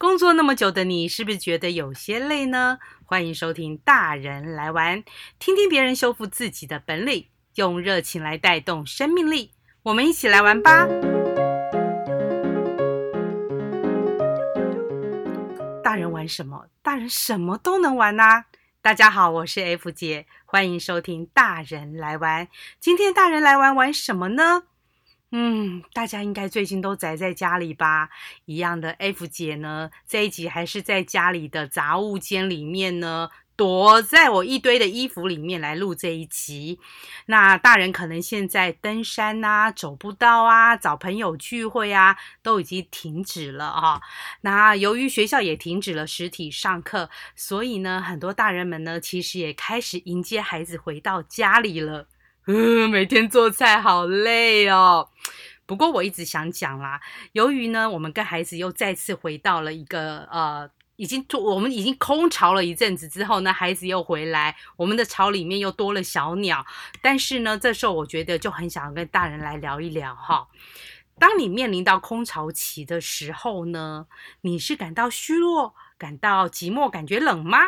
工作那麼久的你，是不是覺得有些累呢？歡迎收聽《大人來玩》，聽聽別人修復自己的本領，用熱情來帶動生命力。我們一起來玩吧！大人玩什麼？大人什麼都能玩吶、啊！大家好，我是 F 姐，歡迎收聽《大人來玩》。今天大人來玩玩什麼呢？嗯，大家應該最近都宅在家裡吧？一樣的，F 姐呢，這一集還是在家裡的雜物間裡面呢，躲在我一堆的衣服裡面來錄這一集。那大人可能現在登山啊、走步道啊、找朋友聚會啊，都已經停止了啊。那由於學校也停止了實體上課，所以呢，很多大人們呢，其實也開始迎接孩子回到家裡了。呃，每天做菜好累哦。不過我一直想講啦，由於呢，我們跟孩子又再次回到了一個呃，已經做，我們已經空巢了一陣子之後呢，孩子又回來，我們的巢裡面又多了小鳥。但是呢，這時候我覺得就很想要跟大人來聊一聊哈。當你面臨到空巢期的時候呢，你是感到虛弱、感到寂寞、感覺冷嗎？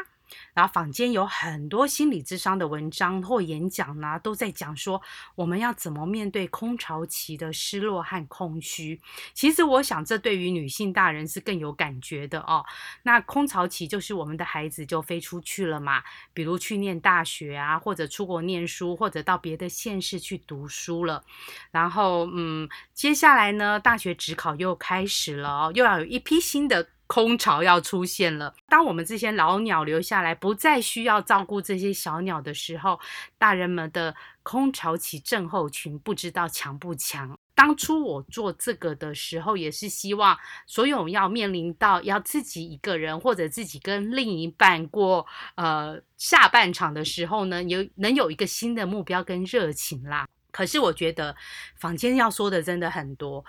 然後坊間有很多心理諮商的文章或演講呢，都在講說我們要怎麼面對空巢期的失落和空虛。其實我想，這對於女性大人是更有感覺的哦。那空巢期就是我們的孩子就飛出去了嘛，比如去念大學啊，或者出國念書，或者到別的縣市去讀書了。然後，嗯，接下來呢，大學指考又開始了哦，又要有一批新的。空巢要出現了。當我們這些老鳥留下來，不再需要照顧這些小鳥的時候，大人們的空巢期症候群不知道強不強？當初我做這個的時候，也是希望所有要面臨到要自己一個人或者自己跟另一半過呃、下半場的時候呢，有能有一個新的目標跟熱情啦。可是我覺得坊間要說的真的很多。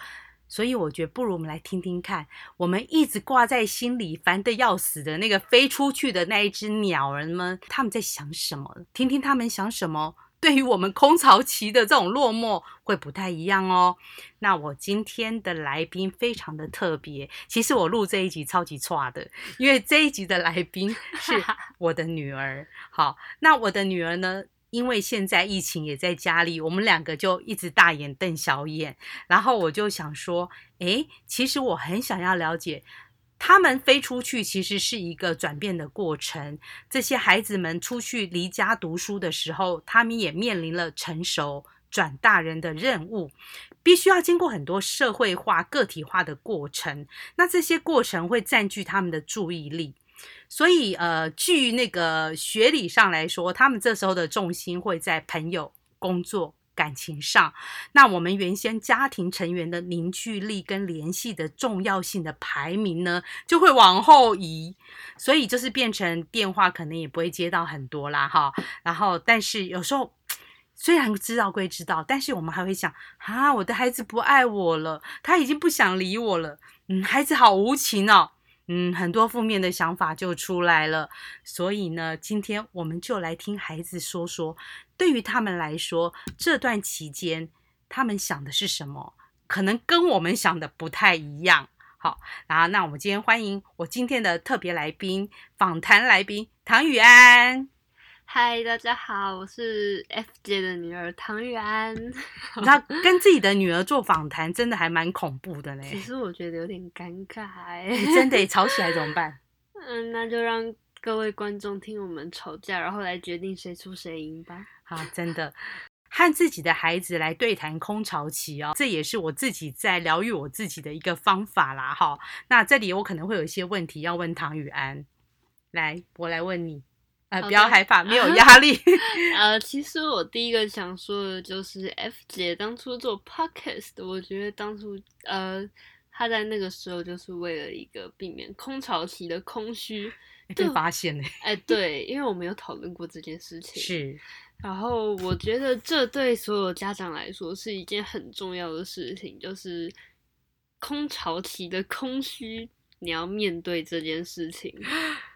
所以我覺得，不如我們來聽聽看，我們一直掛在心裡，煩得要死的那個飛出去的那一隻鳥兒們，他們在想什麼？聽聽他們想什麼，對於我們空巢期的這種落寞，會不太一樣哦。那我今天的來賓非常的特別，其實我錄這一集超級差的，因為這一集的來賓是我的女兒。 好，那我的女兒呢？因為現在疫情也在家裡，我們兩個就一直大眼瞪小眼。然後我就想說，誒，其實我很想要了解，他們飛出去其實是一個轉變的過程。這些孩子們出去離家讀書的時候，他們也面臨了成熟轉大人的任務，必須要經過很多社會化、個體化的過程。那這些過程會占據他們的注意力。所以，呃，據那個學理上來說，他們這時候的重心會在朋友、工作、感情上。那我們原先家庭成員的凝聚力跟聯繫的重要性的排名呢，就會往後移。所以就是變成電話可能也不會接到很多啦，哈。然後，但是有時候雖然知道歸知道，但是我們還會想，啊，我的孩子不愛我了，他已經不想理我了，嗯，孩子好無情哦。嗯，很多負面的想法就出來了。所以呢，今天我們就來聽孩子說說，對於他們來說，這段期間他們想的是什麼？可能跟我們想的不太一樣。好，然後啊，那我們今天歡迎我今天的特別來賓、訪談來賓唐雨安。嗨，Hi, 大家好，我是 FJ 的女兒唐雨安。那 跟自己的女兒做訪談，真的還蠻恐怖的嘞。其實我覺得有點尷尬。你 真得吵起來怎麼辦？嗯，那就讓各位觀眾聽我們吵架，然後來決定誰輸誰贏吧。 好，真的和自己的孩子來對談空巢期哦，這也是我自己在療癒我自己的一個方法啦。哈，那這裡我可能會有一些問題要問唐雨安，來，我來問你。呃，Okay. 不要害怕，沒有壓力。呃、uh，huh. uh, 其實我第一個想說的就是 F 姐當初做 Podcast，我覺得當初呃，她在那個時候就是為了一個避免空巢期的空虛被、欸、對發現呢。哎、欸，對，因為我沒有討論過這件事情。 是。然後我覺得這對所有家長來說是一件很重要的事情，就是空巢期的空虛，你要面對這件事情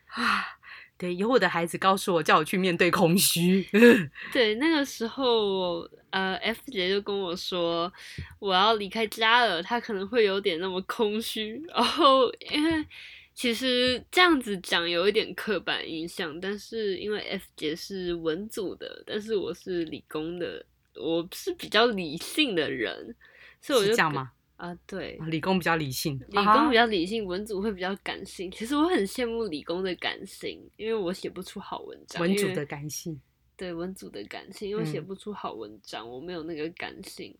啊。 對，有我的孩子告訴我，叫我去面對空虛。 對，那個時候，我呃，F 姐就跟我說，我要離開家了，他可能會有點那麼空虛。然後，因為其實這樣子講有一點刻板印象，但是因為 F 姐是文組的，但是我是理工的，我是比較理性的人，所以我就。是這樣嗎？啊，對，理工比較理性，理工比較理性，文組會比較感性。啊、哈其實我很羨慕理工的感性，因為我寫不出好文章。文組的感性，對，文組的感性，因為寫不出好文章，嗯、我沒有那個感性。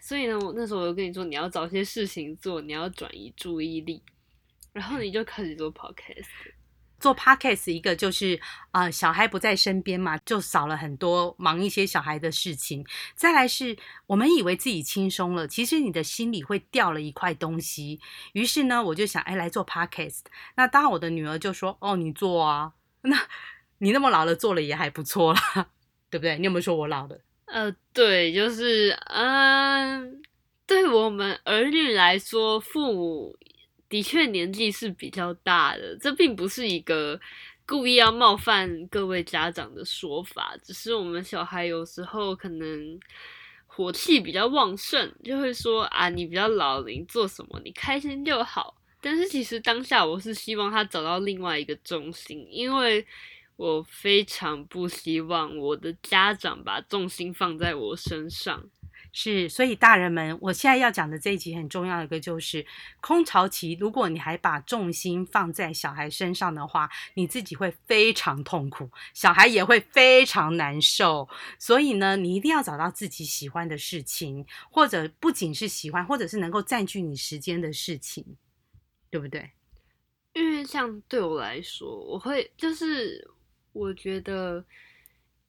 所以呢，我那時候我就跟你說，你要找些事情做，你要轉移注意力，然後你就開始做 Podcast。做 Podcast 一個就是啊、呃，小孩不在身邊嘛，就少了很多忙一些小孩的事情。再來是我們以為自己輕鬆了，其實你的心裡會掉了一塊東西。於是呢，我就想，誒、哎，來做 Podcast。那當我的女兒就說，哦，你做啊，那你那麼老了，做了也還不錯啦， 對不對？你有沒有說我老了？呃，對，就是，嗯、呃，對我們兒女來說，父母。的確，年紀是比較大的，這並不是一個故意要冒犯各位家長的說法，只是我們小孩有時候可能火氣比較旺盛，就會說啊，你比較老齡，做什麼你開心就好。但是其實當下，我是希望他找到另外一個重心，因為我非常不希望我的家長把重心放在我身上。是，所以大人們，我現在要講的這一集很重要的一個就是空巢期。如果你還把重心放在小孩身上的話，你自己會非常痛苦，小孩也會非常難受。所以呢，你一定要找到自己喜歡的事情，或者不僅是喜歡，或者是能夠占據你時間的事情，對不對？因為像對我來說，我會就是我覺得。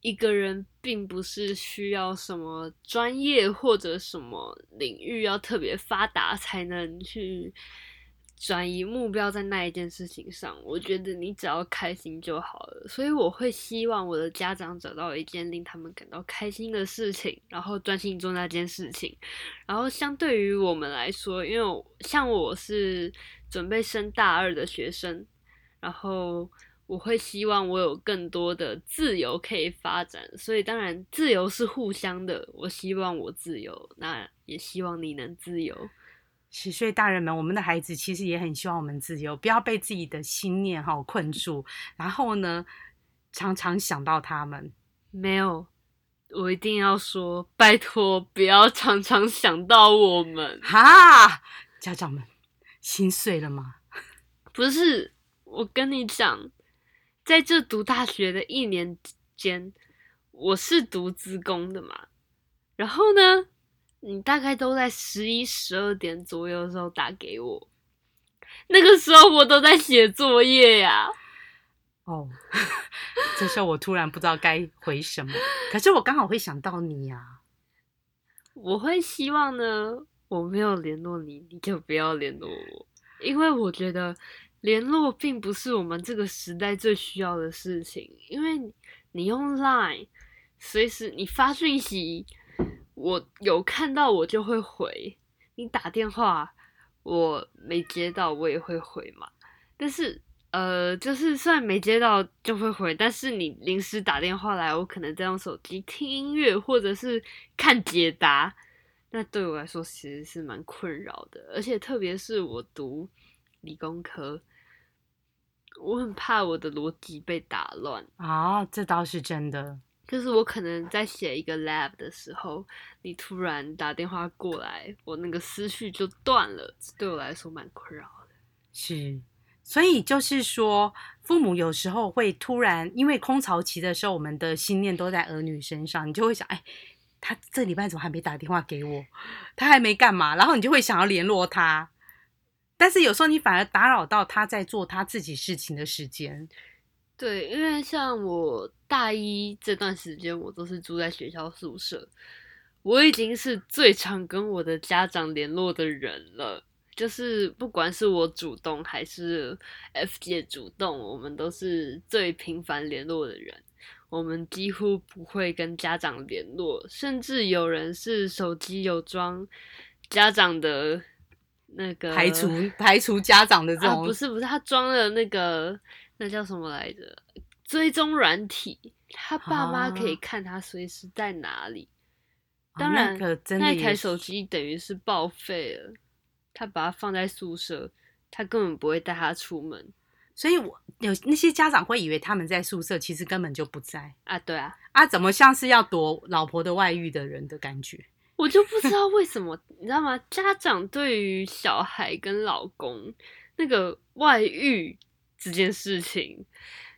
一個人並不是需要什麼專業或者什麼領域要特別發達才能去轉移目標在那一件事情上。我覺得你只要開心就好了。所以我會希望我的家長找到一件令他們感到開心的事情，然後專心做那件事情。然後，相對於我們來說，因為像我是準備升大二的學生，然後。我會希望我有更多的自由可以發展，所以當然自由是互相的。我希望我自由，那也希望你能自由。十歲大人們，我們的孩子其實也很希望我們自由，不要被自己的心念好困住。然後呢，常常想到他們。沒有，我一定要說，拜託，不要常常想到我們。哈，家長們，心碎了嗎？不是，我跟你講。在這讀大學的一年間，我是讀資工的嘛。然後呢，你大概都在十一、十二點左右的時候打給我，那個時候我都在寫作業呀。哦，這時候我突然不知道該回什麼， 可是我剛好會想到你呀，啊。我會希望呢，我沒有聯絡你，你就不要聯絡我，因為我覺得。聯絡並不是我們這個時代最需要的事情，因為你用 Line，隨時你發訊息，我有看到我就會回；你打電話，我沒接到我也會回嘛。但是，呃，就是雖然沒接到就會回，但是你臨時打電話來，我可能在用手機聽音樂或者是看解答，那對我來說其實是蠻困擾的。而且，特別是我讀理工科。我很怕我的邏輯被打亂啊、哦，這倒是真的。就是我可能在寫一個 lab 的時候，你突然打電話過來，我那個思緒就斷了，對我來說蠻困擾的。是，所以就是說，父母有時候會突然，因為空巢期的時候，我們的心念都在兒女身上，你就會想，哎、欸，他這禮拜怎麼還沒打電話給我？他還沒幹嘛？然後你就會想要聯絡他。但是有時候你反而打擾到他在做他自己事情的時間。對，因為像我大一這段時間，我都是住在學校宿舍。我已經是最常跟我的家長聯絡的人了，就是不管是我主動還是 F 姐主動，我們都是最頻繁聯絡的人。我們幾乎不會跟家長聯絡，甚至有人是手機有裝家長的。那個排除排除家長的這種、啊，不是不是，他裝了那個那叫什麼來着？追蹤軟體，他爸媽可以看他隨時在哪裡。啊、當然，啊、那個、那台手機等於是報廢了。他把它放在宿舍，他根本不會帶他出門。所以我有那些家長會以為他們在宿舍，其實根本就不在啊。對啊，啊，怎麼像是要躲老婆的外遇的人的感覺？我就不知道為什麼，你知道嗎？家長對於小孩跟老公那個外遇這件事情，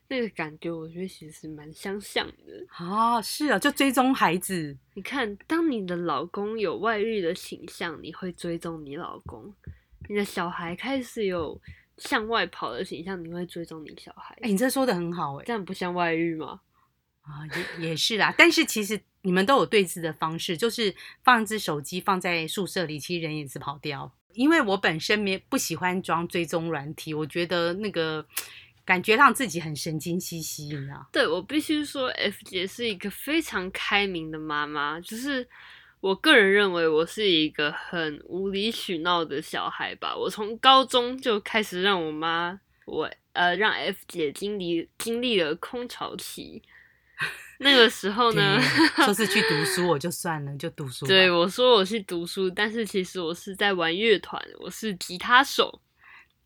那個感覺，我覺得其實蠻相像的啊。是啊，就追蹤孩子。你看，當你的老公有外遇的傾向，你會追蹤你老公；你的小孩開始有向外跑的傾向，你會追蹤你小孩。哎、欸，你這說得很好誒、欸，這樣不像外遇嗎？啊，也也是啦，但是其實。你們都有對峙的方式，就是放一隻手機放在宿舍裡，其實人也是跑掉。因為我本身也不喜歡裝追蹤軟體，我覺得那個感覺讓自己很神經兮兮，你知道？對，我必須說，F 姐是一個非常開明的媽媽。就是我個人認為，我是一個很無理取鬧的小孩吧。我從高中就開始讓我媽，我呃，讓 F 姐經歷經歷了空巢期。那個時候呢，說是去讀書我就算了，就讀書。 對，我說我去讀書，但是其實我是在玩樂團，我是吉他手。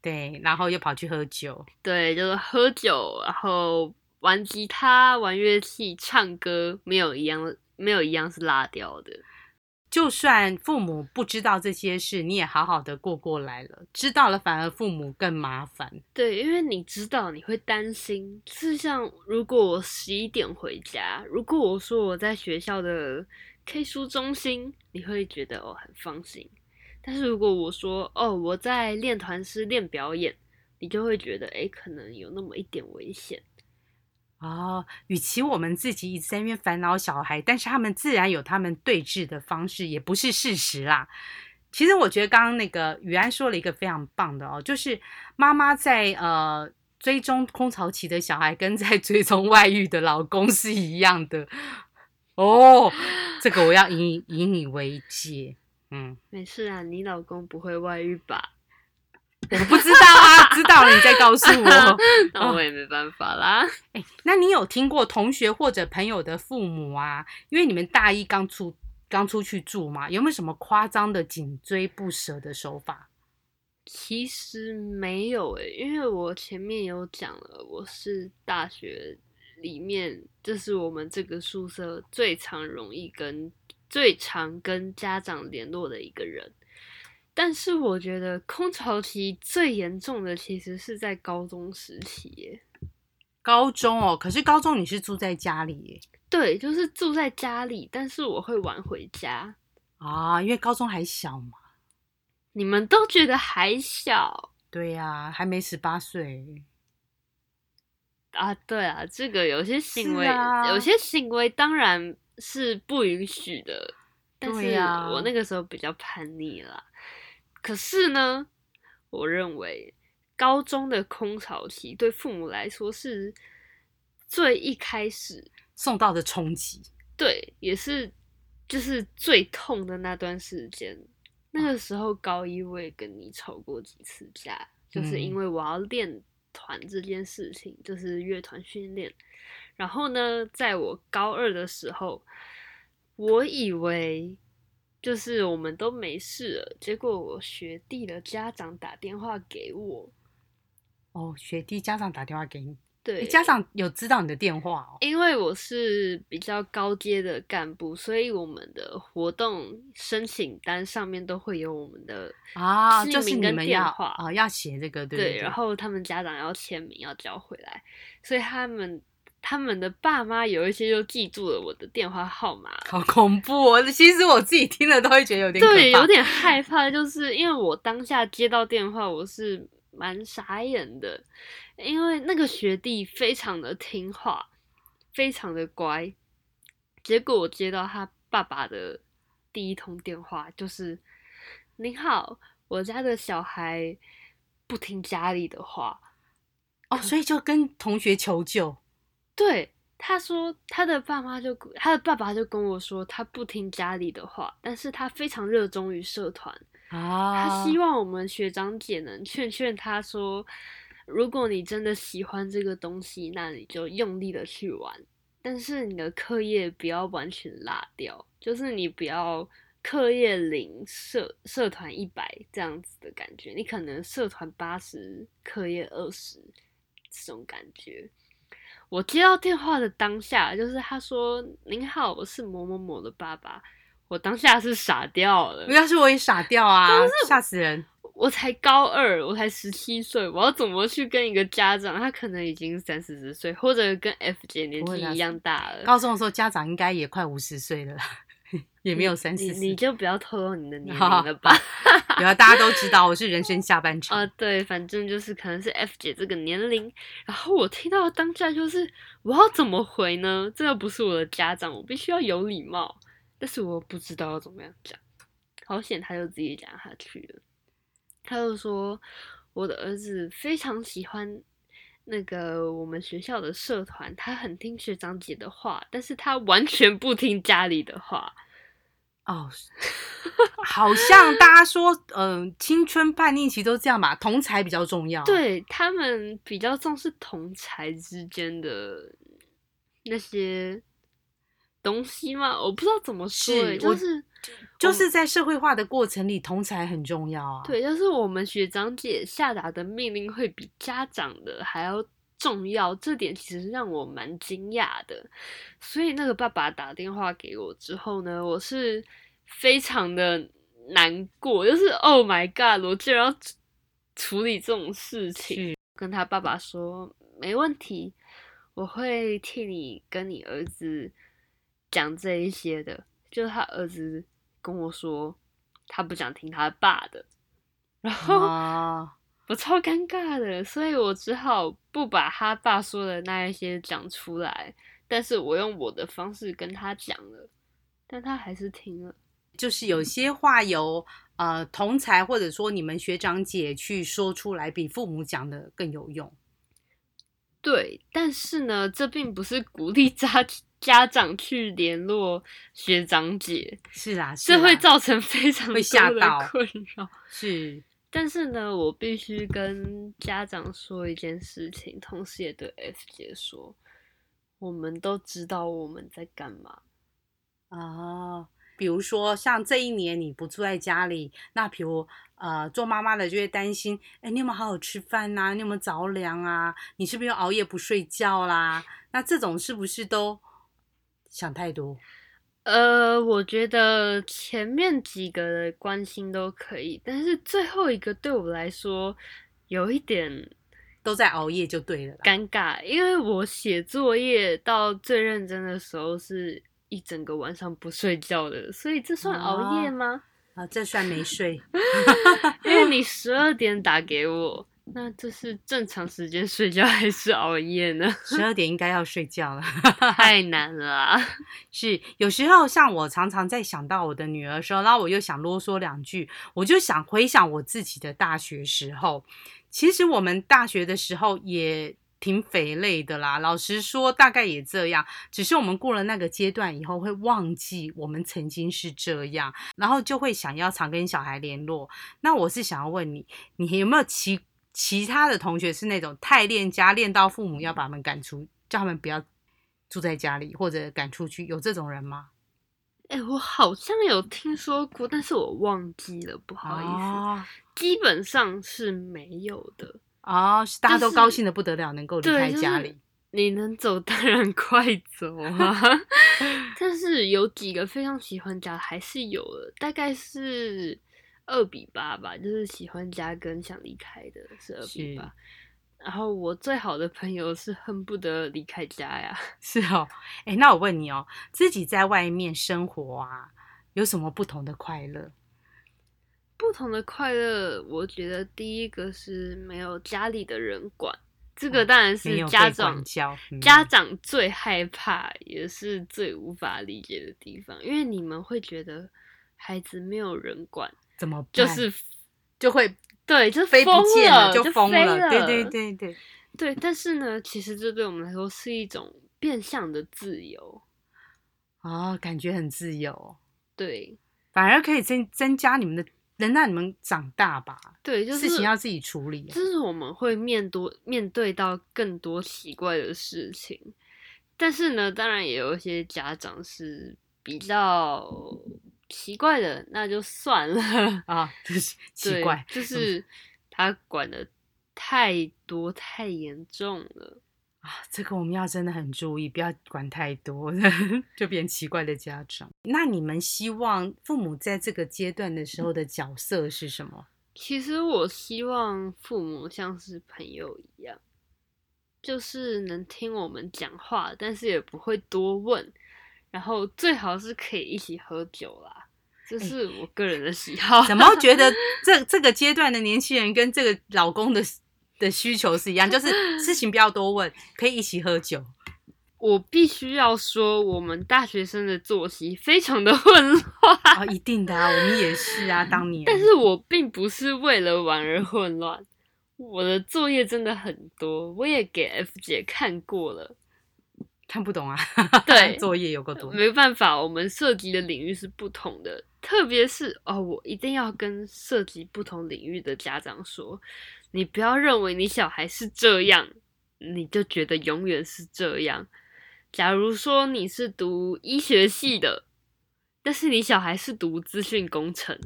對，然後又跑去喝酒。對，就是喝酒，然後玩吉他、玩樂器、唱歌，沒有一樣，沒有一樣是拉掉的。就算父母不知道這些事，你也好好的過過來了。知道了，反而父母更麻煩，對，因為你知道，你會擔心。就是像如果我十一點回家，如果我說我在學校的 K 書中心，你會覺得我、哦、很放心。但是如果我說哦，我在練團師練表演，你就會覺得誒，可能有那麼一點危險。哦，與其我們自己一直在那邊煩惱小孩，但是他們自然有他們對峙的方式，也不是事實啦。其實我覺得剛剛那個雨安說了一個非常棒的哦，就是媽媽在呃追蹤空巢期的小孩，跟在追蹤外遇的老公是一樣的哦。這個我要以以你為戒，嗯，沒事啊，你老公不會外遇吧？我不知道啊， 知道你再告訴我、 啊，那我也沒辦法啦。哎、欸，那你有聽過同學或者朋友的父母啊？因為你們大一剛出剛出去住嘛，有沒有什麼誇張的緊追不捨的手法？其實沒有誒、欸，因為我前面有講了，我是大學裡面，這、就是我們這個宿舍最常容易跟最常跟家長聯絡的一個人。但是我覺得空巢期最嚴重的其實是在高中時期耶。高中哦，可是高中你是住在家裡耶。對，就是住在家裡，但是我會晚回家。啊，因為高中還小嘛。你們都覺得還小。對呀，、啊，還沒十八歲。啊，對啊，這個有些行為，啊，有些行為當然是不允許的。對啊、但是我那個時候比較叛逆啦。可是呢，我認為高中的空巢期對父母來說是最一開始受到的衝擊，對，也是就是最痛的那段時間。那個時候高一我也跟你吵過幾次架，嗯、就是因為我要練團這件事情，就是樂團訓練。然後呢，在我高二的時候，我以為。就是我們都沒事了，結果我學弟的家長打電話給我。哦，學弟家長打電話給你？對、欸，家長有知道你的電話哦。因為我是比較高階的幹部，所以我們的活動申請單上面都會有我們的啊姓名跟電話啊，就是、要寫、哦、這個對，對，對。然後他們家長要簽名，要交回來，所以他們。他們的爸媽有一些就記住了我的電話號碼，好恐怖喔！其實我自己聽了都會覺得有點對，有點害怕。就是因為我當下接到電話，我是蠻傻眼的，因為那個學弟非常的聽話，非常的乖。結果我接到他爸爸的第一通電話，就是：“ 您好，我家的小孩不聽家裡的話哦，可所以就跟同學求救。”對，他說，他的爸媽就，他的爸爸就跟我說，他不聽家裡的話，但是他非常熱衷於社團啊。他希望我們學長姐能勸勸他說，說如果你真的喜歡這個東西，那你就用力的去玩，但是你的課業不要完全落掉，就是你不要課業零，社社團一百這樣子的感覺，你可能社團八十，課業二十這種感覺。我接到電話的當下，就是他說：“您好，我是某某某的爸爸。”我當下是傻掉了，不要說我也傻掉啊！嚇死人！我才高二，我才十七歲，我要怎麼去跟一個家長？他可能已經三四十歲，或者跟 F 姐年紀一樣大了我高中的時候，家長應該也快五十歲了。也沒有三四,四你你，你就不要透露你的年齡了吧。然後、哦哦、大家都知道我是人生下半場啊。對，反正就是可能是 F 姐這個年齡。然後我聽到當下就是我要怎麼回呢？這又不是我的家長，我必須要有禮貌，但是我不知道要怎麼樣講。好險，他就自己講下去了。他就說我的兒子非常喜歡。那個我們學校的社團，他很聽學長姐的話，但是他完全不聽家裡的話。哦，oh, 好像大家說，嗯、呃，青春叛逆期都這樣吧，同儕比較重要，對，他們比較重視同儕之間的那些東西嗎？我不知道怎麼說、欸，是就是。就是在社會化的過程裡，同儕很重要啊。對，就是我們學長姐下達的命令會比家長的還要重要，這點其實讓我蠻驚訝的。所以那個爸爸打電話給我之後呢，我是非常的難過，就是 Oh my God，我竟然要處理這種事情。是跟他爸爸說沒問題，我會替你跟你兒子講這一些的，就是、他兒子。跟我說，他不想聽他爸的，然後我超尷尬的，所以我只好不把他爸說的那一些講出來，但是我用我的方式跟他講了，但他還是聽了。就是有些話由呃同儕或者說你們學長姐去說出來，比父母講的更有用。對，但是呢，這並不是鼓勵家庭。家長去聯絡學長姐，是啦，是啦，這會造成非常大的困擾。是，但是呢，我必須跟家長說一件事情，同時也對 S 姐說，我們都知道我們在幹嘛啊、哦。比如說，像這一年你不住在家裡，那比如呃，做媽媽的就會擔心：哎，你有沒有好好吃飯吶、啊？你有沒有着涼啊？你是不是又熬夜不睡覺啦、啊？那這種是不是都？想太多，呃，我覺得前面幾個的關心都可以，但是最後一個對我來說有一點都在熬夜就對了。尷尬，因為我寫作業到最認真的時候是一整個晚上不睡覺的，所以這算熬夜嗎？啊、哦哦，這算沒睡， 因為你十二點打給我。那這是正常時間睡覺還是熬夜呢？十 二點應該要睡覺了， 太難了、啊。是，有時候像我常常在想到我的女兒時候，然後我又想囉嗦兩句，我就想回想我自己的大學時候。其實我們大學的時候也挺肥累的啦，老實說大概也這樣。只是我們過了那個階段以後，會忘記我們曾經是這樣，然後就會想要常跟小孩聯絡。那我是想要問你，你有沒有奇？其他的同學是那種太戀家，戀到父母要把他們趕出，叫他們不要住在家裡，或者趕出去，有這種人嗎？哎、欸，我好像有聽說過，但是我忘記了，不好意思，哦、基本上是沒有的啊、哦，大家都高興得不得了，能夠離開家裡，就是就是、你能走當然快走啊， 但是有幾個非常喜歡家還是有的，大概是。二比八吧，就是喜歡家跟想離開的是二比八。是然後我最好的朋友是恨不得離開家呀。是哦。哎、欸，那我問你哦，自己在外面生活啊，有什麼不同的快樂？不同的快樂，我覺得第一個是沒有家裡的人管，這個當然是家長、嗯、家長最害怕也是最無法理解的地方，因為你們會覺得孩子沒有人管。怎麼辦，就是，就會，對，就飛不見了，就瘋了，就了，對對對對對，對。但是呢，其實這對我們來說是一種變相的自由啊、哦、感覺很自由。對，反而可以增增加你們的，能讓你們長大吧。對，就是事情要自己處理，就是我們會面對面對到更多奇怪的事情，但是呢，當然也有一些家長是比較。奇怪的，那就算了 啊！奇怪，就是他管的太多太嚴重了啊！這個我們要真的很注意，不要管太多了， 就變奇怪的家長。那你們希望父母在這個階段的時候的角色是什麼？嗯，其實我希望父母像是朋友一樣，就是能聽我們講話，但是也不會多問，然後最好是可以一起喝酒啦。這是我個人的喜好。小貓、欸、覺得這這個階段的年輕人跟這個老公的的需求是一樣，就是事情不要多問，可以一起喝酒。我必須要說，我們大學生的作息非常的混亂啊、哦，一定的啊，我們也是啊，當年。但是我並不是為了玩而混亂，我的作業真的很多，我也給 F 姐看過了，看不懂啊，對，作業有夠多，沒辦法，我們涉及的領域是不同的。特別是哦，我一定要跟涉及不同領域的家長說，你不要認為你小孩是這樣，你就覺得永遠是這樣。假如說你是讀醫學系的，但是你小孩是讀資訊工程，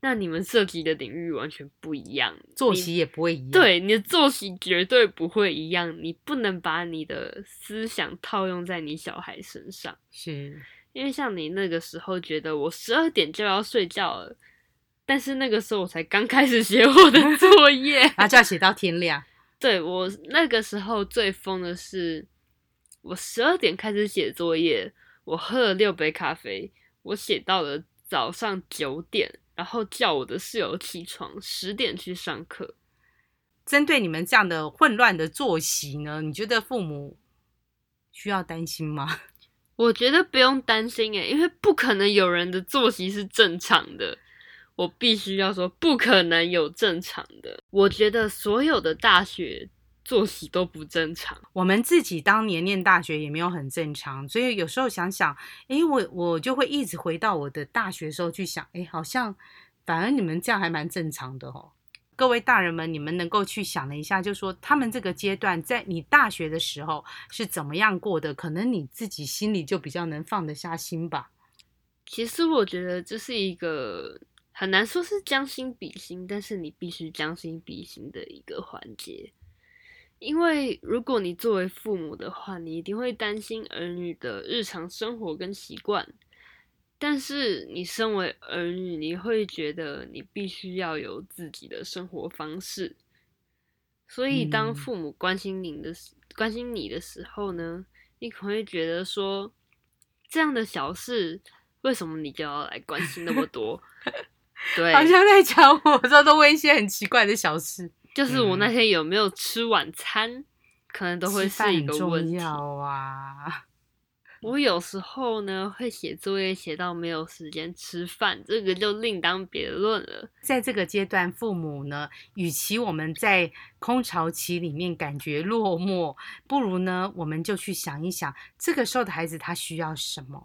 那你們涉及的領域完全不一樣，作息也不會一樣。對，你的作息絕對不會一樣，你不能把你的思想套用在你小孩身上。是。因為像你那個時候覺得我十二點就要睡覺了，但是那個時候我才剛開始寫我的作業，啊， 就要寫到天亮。對，我那個時候最瘋的是，我十二點開始寫作業，我喝了六杯咖啡，我寫到了早上九點，然後叫我的室友起床，十點去上課。針對你們這樣的混亂的作息呢，你覺得父母需要擔心嗎？我覺得不用擔心誒、欸、因為不可能有人的作息是正常的。我必須要說，不可能有正常的。我覺得所有的大學作息都不正常。我們自己當年念大學也沒有很正常，所以有時候想想，哎、欸，我我就會一直回到我的大學的時候去想，哎、欸，好像反而你們這樣還蠻正常的哦。各位大人們，你們能夠去想了一下，就說他們這個階段在你大學的時候是怎麼樣過的，可能你自己心裡就比較能放得下心吧。其實我覺得這是一個很難說是將心比心，但是你必須將心比心的一個環節。因為如果你作為父母的話，你一定會擔心兒女的日常生活跟習慣。但是你身為兒女，你會覺得你必須要有自己的生活方式。所以當父母關心你的時，嗯、關心你的時候呢，你可能會覺得說，這樣的小事，為什麼你就要來關心那麼多？ 對，好像在講我這都會一些很奇怪的小事，就是我那天有沒有吃晚餐，嗯、可能都會是一個問題。我有時候呢會寫作業寫到沒有時間吃飯，這個就另當別論了。在這個階段，父母呢，與其我們在空巢期裡面感覺落寞，不如呢我們就去想一想，這個時候的孩子他需要什麼？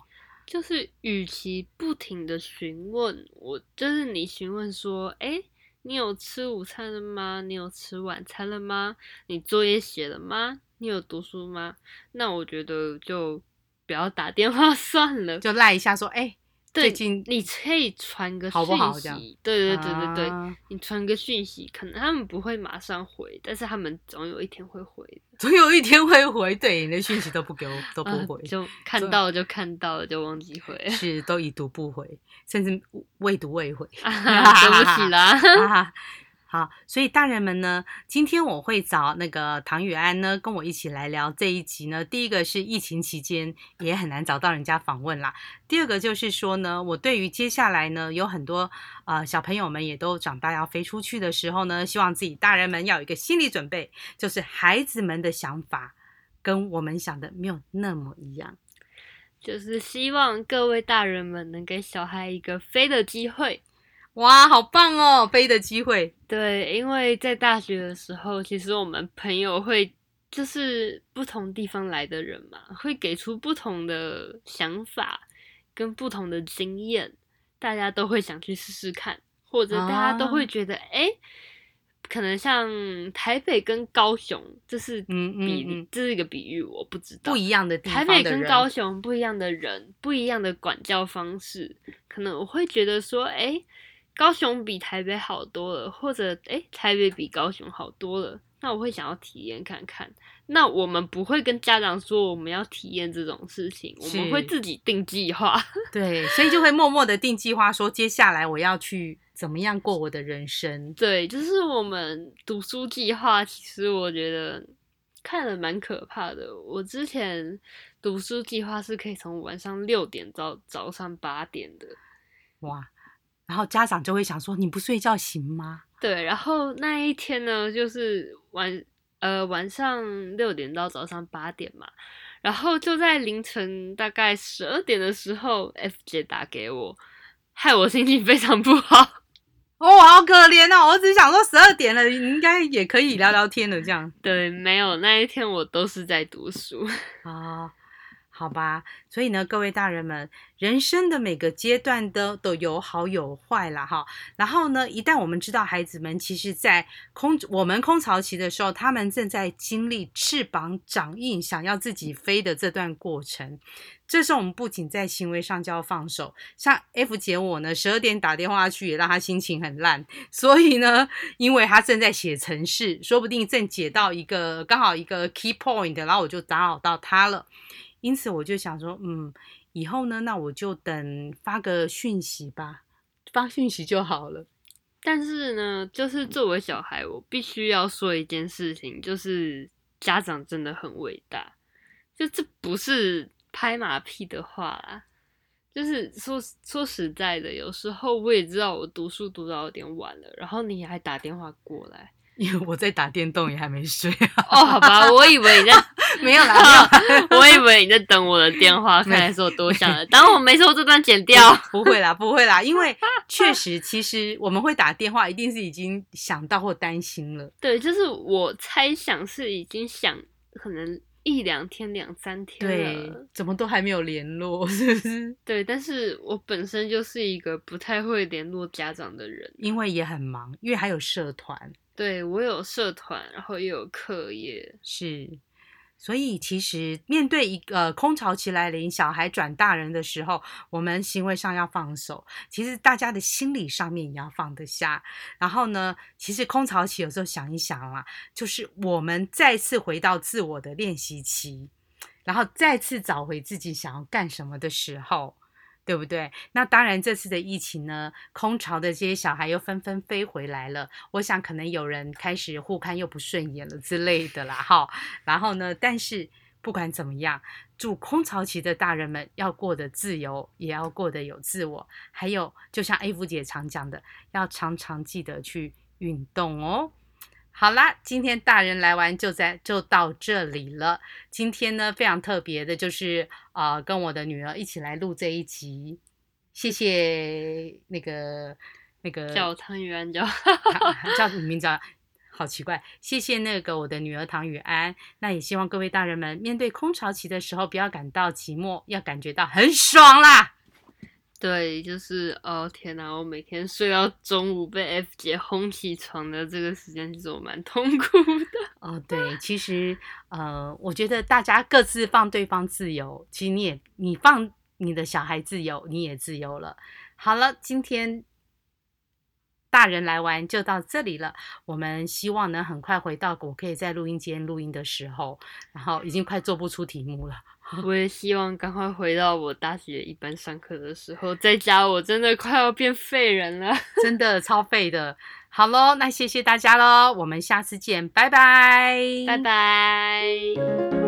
就是與其不停的詢問我，就是你詢問說：“誒，你有吃午餐了嗎？你有吃晚餐了嗎？你作業寫了嗎？你有讀書嗎？”那我覺得就。不要打電話算了，就賴一下說，哎、欸，對最近你可以傳個訊息，好好對對對對對，啊、你傳個訊息，可能他們不會馬上回，但是他們總有一天會回，總有一天會回，對，你連訊息都不給我 都不回、啊，就看到了就看到了 就，就忘記回，是都已讀不回，甚至未讀未回， 啊、哈哈對不起啦。 好，所以大人們呢，今天我會找那個唐雨安呢，跟我一起來聊這一集呢。第一個是疫情期間也很難找到人家訪問啦。第二個就是說呢，我對於接下來呢有很多啊，呃，小朋友們也都長大要飛出去的時候呢，希望自己大人們要有一個心理準備，就是孩子們的想法跟我們想的沒有那麼一樣。就是希望各位大人們能給小孩一個飛的機會。哇，好棒哦，飛的機會。對，因為在大學的時候，其實我們朋友會就是不同地方來的人嘛，會給出不同的想法跟不同的經驗，大家都會想去試試看，或者大家都會覺得，哎、啊，可能像台北跟高雄，這是比，嗯嗯這是一個比喻，我不知道不一樣的地方的，台北跟高雄不一樣的人，不一樣的管教方式，可能我會覺得說，哎。高雄比台北好多了，或者誒、欸，台北比高雄好多了，那我會想要體驗看看。那我們不會跟家長說，我們要體驗這種事情，是我們會自己定計劃。對，所以就會默默的定計劃，說接下來我要去怎麼樣過我的人生。 對，就是我們讀書計劃，其實我覺得看了蠻可怕的。我之前讀書計劃是可以從晚上六點到早上八點的。哇。然後家長就會想說：“你不睡覺行嗎？”對，然後那一天呢，就是晚呃晚上六點到早上八點嘛，然後就在凌晨大概十二點的時候，FJ 打給我，害我心情非常不好。哦，好可憐哦、啊、我只想說，十二點了，應該也可以聊聊天的，這樣。對，沒有那一天我都是在讀書啊。好吧，所以呢，各位大人們，人生的每個階段都都有好有壞啦，哈。然後呢，一旦我們知道孩子們其實，在空我們空巢期的時候，他們正在經歷翅膀長硬、想要自己飛的這段過程，這時候我們不僅在行為上就要放手。像 F 姐我呢，十二點打電話去，也讓他心情很爛。所以呢，因為他正在寫程式，說不定正解到一個剛好一個 key point，然後我就打擾到他了。因此我就想說，嗯，以後呢，那我就等發個訊息吧，發訊息就好了。但是呢，就是作為小孩，我必須要說一件事情，就是家長真的很偉大，就這不是拍馬屁的話啦，就是說說實在的，有時候我也知道我讀書讀到有點晚了，然後你還打電話過來。因為我在打電動，也還沒睡、啊。哦，好吧，我以為你在、啊、沒有啦，沒有啦。 我以為你在等我的電話，看來是我多想了。當我沒說，我這段剪掉、欸，不會啦，不會啦，因為確實，其實我們會打電話，一定是已經想到或擔心了。對，就是我猜想是已經想可能一兩天、兩三天了，怎麼都還沒有聯絡，是不是？對，但是我本身就是一個不太會聯絡家長的人，因為也很忙，因為還有社團。對，我有社團，然後也有課業，是，所以其實面對一個、呃、空巢期來臨，小孩轉大人的時候，我們行為上要放手，其實大家的心理上面也要放得下。然後呢，其實空巢期有時候想一想啦、啊，就是我們再次回到自我的練習期，然後再次找回自己想要幹什麼的時候。對不對？那當然，這次的疫情呢，空巢的這些小孩又紛紛飛回來了。我想，可能有人開始互看又不順眼了之類的啦，哈。然後呢，但是不管怎麼樣，住空巢期的大人們要過得自由，也要過得有自我。還有，就像 A 夫姐常講的，要常常記得去運動哦。好啦，今天大人來玩就在就到這裡了。今天呢，非常特別的，就是啊、呃，跟我的女兒一起來錄這一集，謝謝那個那個叫唐雨安、 啊、叫叫什麼名字好？好奇怪，謝謝那個我的女兒唐雨安。那也希望各位大人們面對空巢期的時候，不要感到寂寞，要感覺到很爽啦。對，就是哦，天哪！我每天睡到中午被 F 姐哄起床的這個時間，其實我蠻痛苦的。哦，對，其實呃，我覺得大家各自放對方自由，其實你也你放你的小孩自由，你也自由了。好了，今天大人來玩就到這裡了。我們希望能很快回到我可以在錄音間錄音的時候，然後已經快做不出題目了。 我也希望趕快回到我大學一般上課的時候，在家我真的快要變廢人了， 真的超廢的。好嘍，那謝謝大家嘍，我們下次見，拜拜，拜拜。